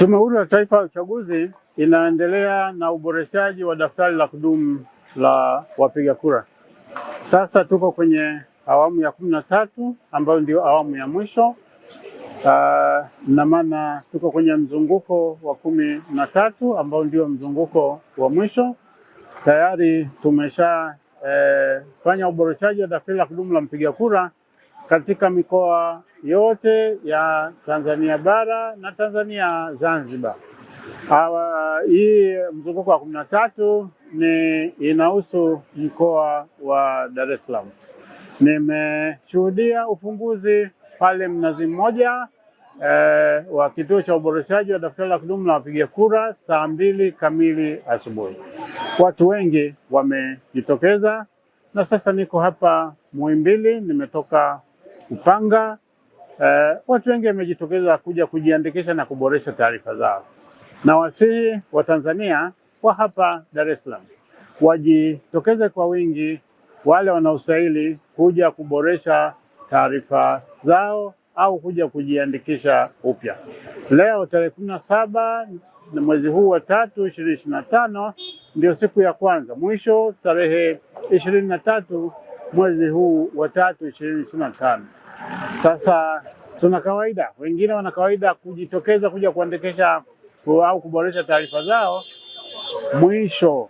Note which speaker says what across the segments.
Speaker 1: Tume Huru ya Taifa ya Uchaguzi inaendelea na uboreshaji wa daftari la kudumu la wapiga kura. Sasa tuko kwenye awamu ya kumi na tatu ambayo ndio awamu ya mwisho. Uh, na maana tuko kwenye mzunguko wa kumi na tatu ambao ndio mzunguko wa mwisho. Tayari tumesha eh, fanya uboreshaji wa daftari la kudumu la mpiga kura katika mikoa yote ya Tanzania bara na Tanzania Zanzibar. Hawa, ah, hii mzunguko wa kumi na tatu ni inahusu mkoa wa Dar es Salaam. Nimeshuhudia ufunguzi pale Mnazi Mmoja eh, wa kituo cha uboreshaji wa daftari la kudumu la wapiga kura saa mbili kamili asubuhi. Watu wengi wamejitokeza na sasa niko hapa Muhimbili, nimetoka Upanga. Uh, eh, watu wengi wamejitokeza kuja kujiandikisha na kuboresha taarifa zao, na wasihi wa tanzania wa hapa Dar es Salaam wajitokeze kwa wingi, wale wanaostahili kuja kuboresha taarifa zao au kuja kujiandikisha upya. Leo tarehe kumi na saba na mwezi huu wa tatu ishirini na tano ndio siku ya kwanza, mwisho tarehe ishirini na tatu mwezi huu wa tatu ishirini ishirini na tano. Sasa tuna kawaida, wengine wana kawaida kujitokeza kuja kuandikisha au kuboresha taarifa zao mwisho,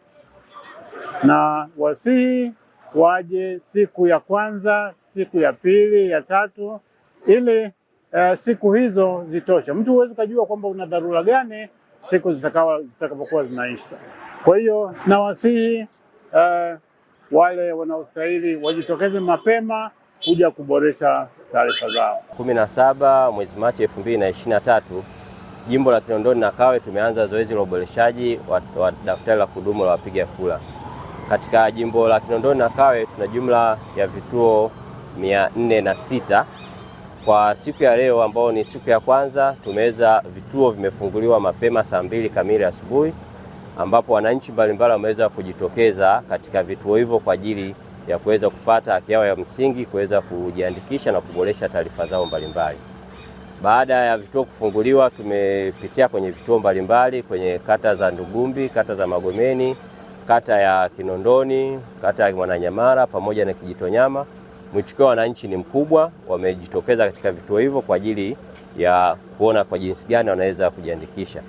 Speaker 1: na wasihi waje siku ya kwanza, siku ya pili, ya tatu, ili uh, siku hizo zitoshe. Mtu huwezi ukajua kwamba una dharura gani siku zitakapokuwa zinaisha. Kwa hiyo nawasihi uh, wale wanaostahili wajitokeze mapema kuja kuboresha taarifa zao.
Speaker 2: kumi na saba mwezi Machi elfu mbili na ishirini na tatu jimbo la Kinondoni na Kawe tumeanza zoezi la uboreshaji wa daftari la kudumu la wapiga kura. Katika jimbo la Kinondoni na Kawe tuna jumla ya vituo mia nne na sita. Kwa siku ya leo ambao ni siku ya kwanza, tumeweza vituo vimefunguliwa mapema saa mbili kamili asubuhi ambapo wananchi mbalimbali wameweza kujitokeza katika vituo hivyo kwa ajili ya kuweza kupata haki yao ya msingi kuweza kujiandikisha na kuboresha taarifa zao mbalimbali. Baada ya vituo kufunguliwa, tumepitia kwenye vituo mbalimbali kwenye kata za Ndugumbi, kata za Magomeni, kata ya Kinondoni, kata ya mwananyamara pamoja na Kijitonyama. Mwitikio wa wananchi ni mkubwa, wamejitokeza katika vituo hivyo kwa ajili ya kuona kwa jinsi gani wanaweza kujiandikisha.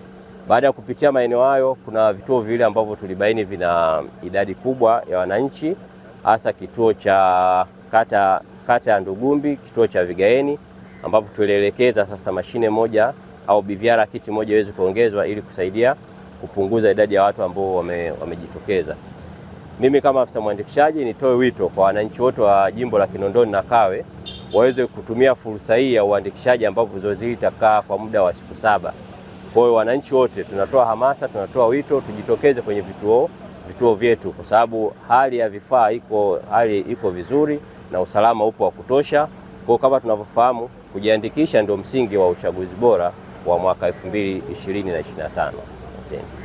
Speaker 2: Baada ya kupitia maeneo hayo, kuna vituo vile ambavyo tulibaini vina idadi kubwa ya wananchi, hasa kituo cha kata kata ya Ndugumbi, kituo cha Vigaeni, ambapo tulielekeza sasa mashine moja au BVR kiti moja iweze kuongezwa ili kusaidia kupunguza idadi ya watu ambao wamejitokeza. mimi kama afisa mwandikishaji nitoe wito kwa wananchi wote wa jimbo la Kinondoni na Kawe waweze kutumia fursa hii ya uandikishaji ambapo zoezi hili kwa muda wa siku saba. Kwa hiyo wananchi wote tunatoa hamasa, tunatoa wito tujitokeze kwenye vituo vituo vyetu, kwa sababu hali ya vifaa iko hali iko vizuri na usalama upo wa kutosha. Kwa kama tunavyofahamu, kujiandikisha ndio msingi wa uchaguzi bora wa mwaka 2020 na 2025. Asanteni.